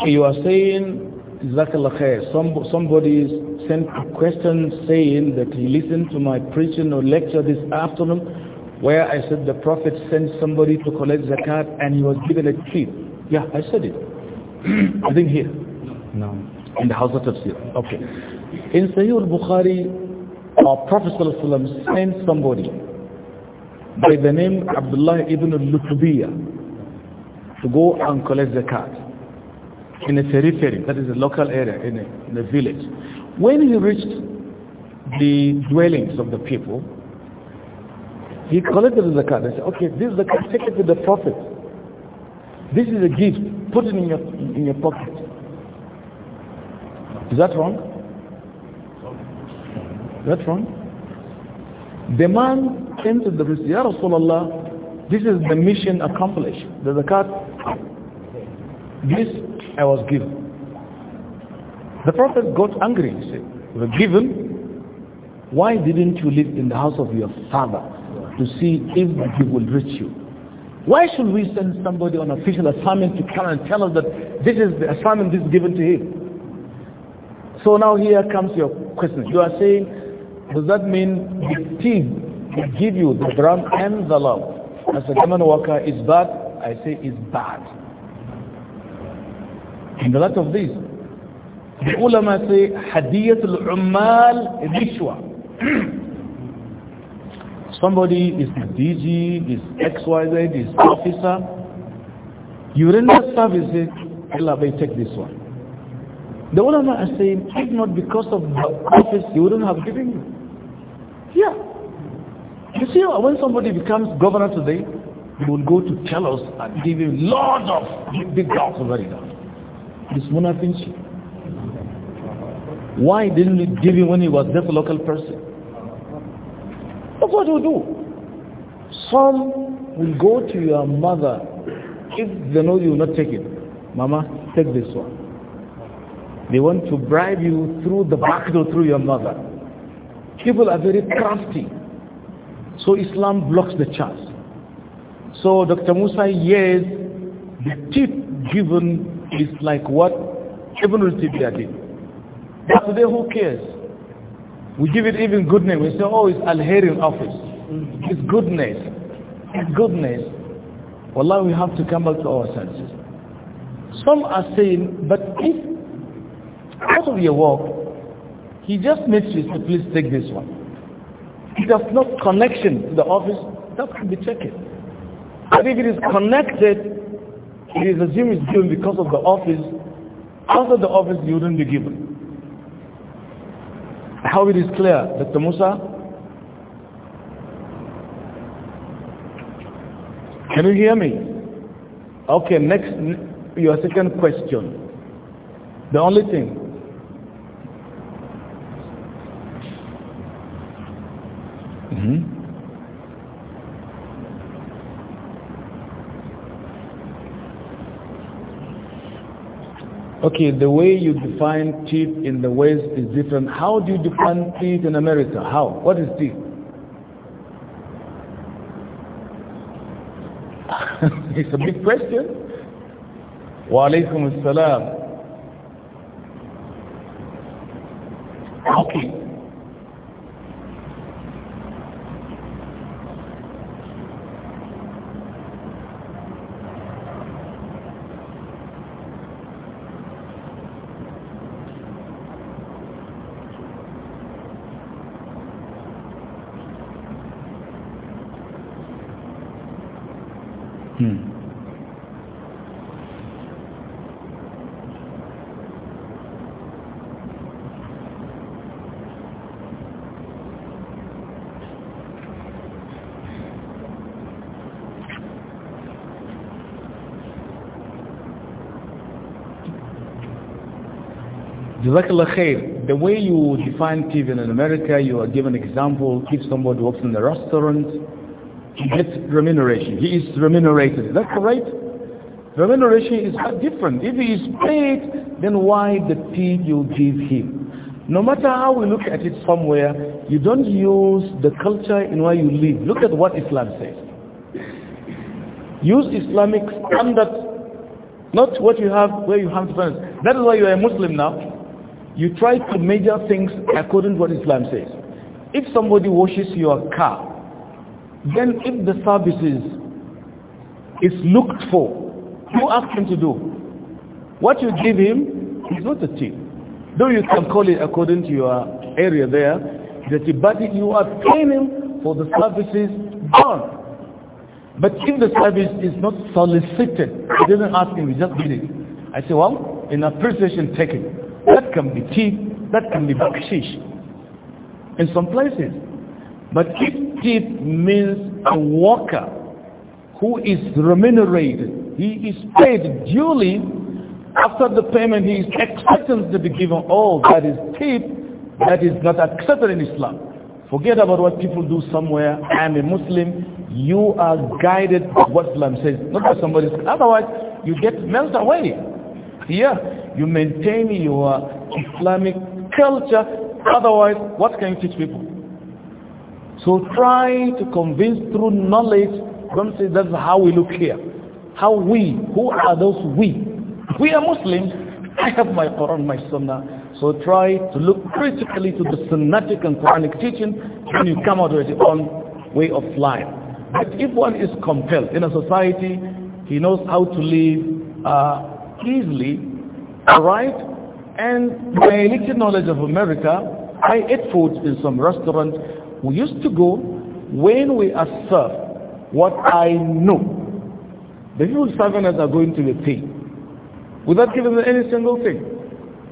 Speaker 1: you are saying Zakalakhe, some, somebody sent a question saying that he listened to my preaching or lecture this afternoon where I said the Prophet sent somebody to collect zakat and he was given a treat. Yeah, I said it. I think here. No. In the house of tafsir. Okay. In Sahih bukhari our Prophet ﷺ sent somebody by the name Abdullah ibn al-Lutubiyah to go and collect zakat in a periphery, that is a local area, in a, in a village. When he reached the dwellings of the people, he collected the zakat and said, okay, this zakat, take it to the prophet. This is a gift, put it in your, in your pocket. Is that wrong? Is that wrong? The man came to the Prophet, Ya Rasulallah, this is the mission accomplished. The zakat, this I was given. The Prophet got angry. He said, you were given, why didn't you live in the house of your father to see if he will reach you? Why should we send somebody on official assignment to come and tell us that this is the assignment this is given to him? So now here comes your question. You are saying, does that mean the team will give you the drum and the love as a government worker is bad? I say it's bad. And a lot of this. The ulama say, al ummal rishwa. Somebody is DG, is XYZ, is officer. You render service, Allah may take this one. The ulama are saying, if not because of the office, you wouldn't have given you. Yeah. You see, when somebody becomes governor today, he will go to tell us and give him lots of big jobs already it is finished. why didn't he give him when he was just a local person that's what you do some will go to your mother if they know you will not take it mama take this one they want to bribe you through the back door through your mother people are very crafty so islam blocks the chance so dr musa yes the tip given is like what even Tibia did. But today, who cares? We give it even good name. We say, oh, it's Al-Hairin office. It's goodness. It's goodness. Wallah, we have to come back to our senses. Some are saying, but if out of your work, he just makes you say, please take this one. It has no connection to the office, that can be checked. But if it is connected, it is assumed is given because of the office. After the office, you wouldn't be given. How it is clear, Dr. Musa? Can you hear me? Okay, next, your second question. The only thing, Mm-hmm. okay, the way you define teeth in the West is different. How do you define teeth in America? How? What is teeth? it's a big question. Wa alaikum assalam. khair. The way you define TV in America, you are given example, if somebody works in a restaurant, he gets remuneration. He is remunerated. Is that correct? Remuneration is not different. If he is paid, then why the fee you give him? No matter how we look at it somewhere, you don't use the culture in where you live. Look at what Islam says. Use Islamic standards, not what you have where you have to That is why you are a Muslim now. You try to measure things according to what Islam says. If somebody washes your car, then if the service is, is looked for, you ask him to do. What you give him is not a tip. Though you can call it according to your area there, that but you are paying him for the services done. But if the service is not solicited, he doesn't ask him, he just did it. I say, well, in appreciation, take it. That can be tea, that can be bakshish in some places. But if thief means a worker who is remunerated, he is paid duly, after the payment he is expected to be given. Oh, that is tip that is not accepted in Islam. Forget about what people do somewhere. I am a Muslim. You are guided by what Islam says, not by somebody else. Otherwise, you get melted away. Yeah, you maintain your Islamic culture. Otherwise, what can you teach people? So try to convince through knowledge. Don't say that's how we look here. How we, who are those we? We are Muslims. I have my Quran, my Sunnah. So try to look critically to the Sunnatic and Quranic teaching and you come out with your own way of life. But if one is compelled in a society, he knows how to live uh, easily right? and my little knowledge of America, I ate food in some restaurant. We used to go when we are served what I know. The people serving us are going to be paid without giving them any single thing.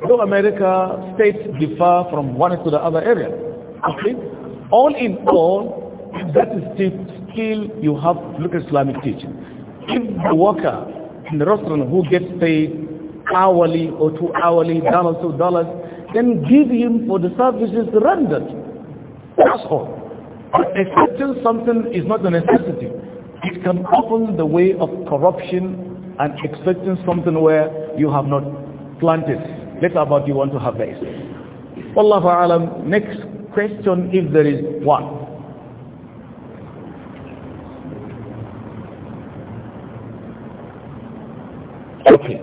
Speaker 1: Though America, states differ from one to the other area. Okay? All in all, that is the skill you have look at Islamic teaching. If the worker in the restaurant who gets paid hourly or two hourly, dollars two dollars, then give him for the services rendered. That's all. But accepting something is not a necessity. It can open the way of corruption and expecting something where you have not planted. Let about you want to have this. Allah alam, next question if there is one. Okay.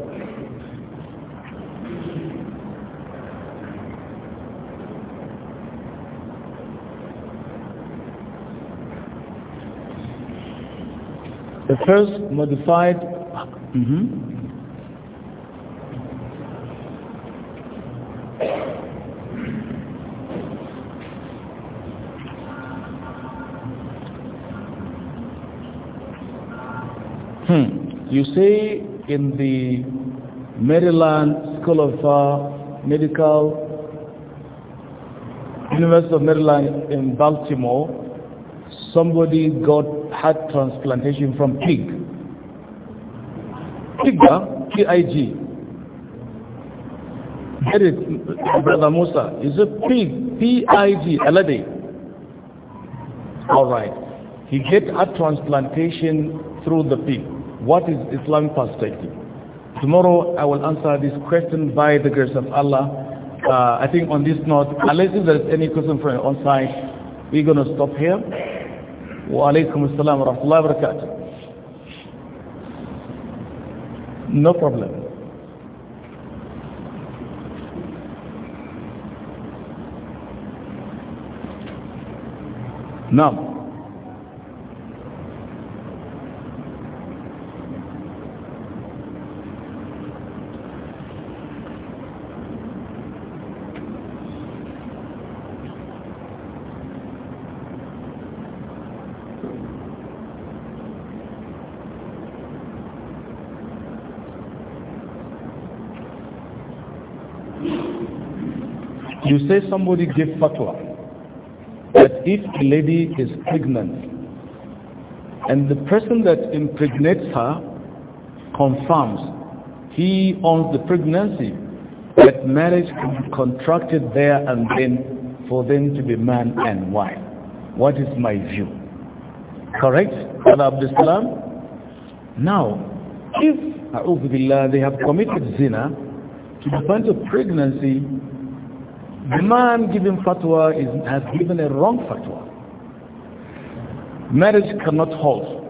Speaker 1: The first modified mm -hmm. Hmm. You say in the Maryland School of uh, Medical University of Maryland in Baltimore, somebody got heart transplantation from pig. Pigga, P-I-G. Get it, Brother Musa. It's a pig, P-I-G, Alade. All right. He get heart transplantation through the pig. What is Islamic perspective? Tomorrow I will answer this question by the grace of Allah. Uh, I think on this note, unless there's any question from on site, we're going to stop here. وعليكم السلام ورحمة الله وبركاته no problem نعم no. You say somebody gave fatwa that if a lady is pregnant and the person that impregnates her confirms he owns the pregnancy, that marriage can be contracted there and then for them to be man and wife. What is my view? Correct? Allah Now, if, they have committed zina to the point of pregnancy, the man giving fatwa is, has given a wrong fatwa. Marriage cannot hold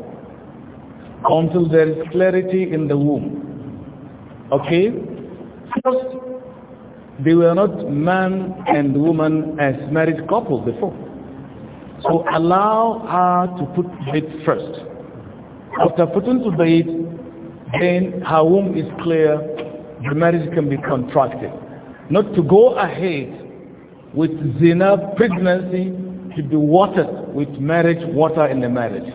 Speaker 1: until there is clarity in the womb.
Speaker 2: Okay? First,
Speaker 1: they were not man and woman as married couple before. So allow her to put bed first. After putting to bed, then her womb is clear, the marriage can be contracted. Not to go ahead with zina pregnancy to be watered with marriage water in the marriage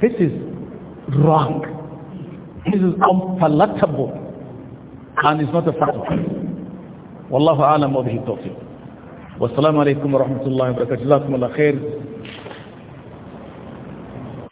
Speaker 1: this is wrong this is unpalatable and it's not a fatwa والله اعلم وبه التوفيق Wassalamu alaikum ورحمه الله وبركاته جزاكم الله خير